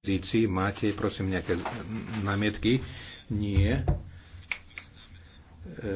pozícii. Máte, prosím, nejaké námietky? Nie.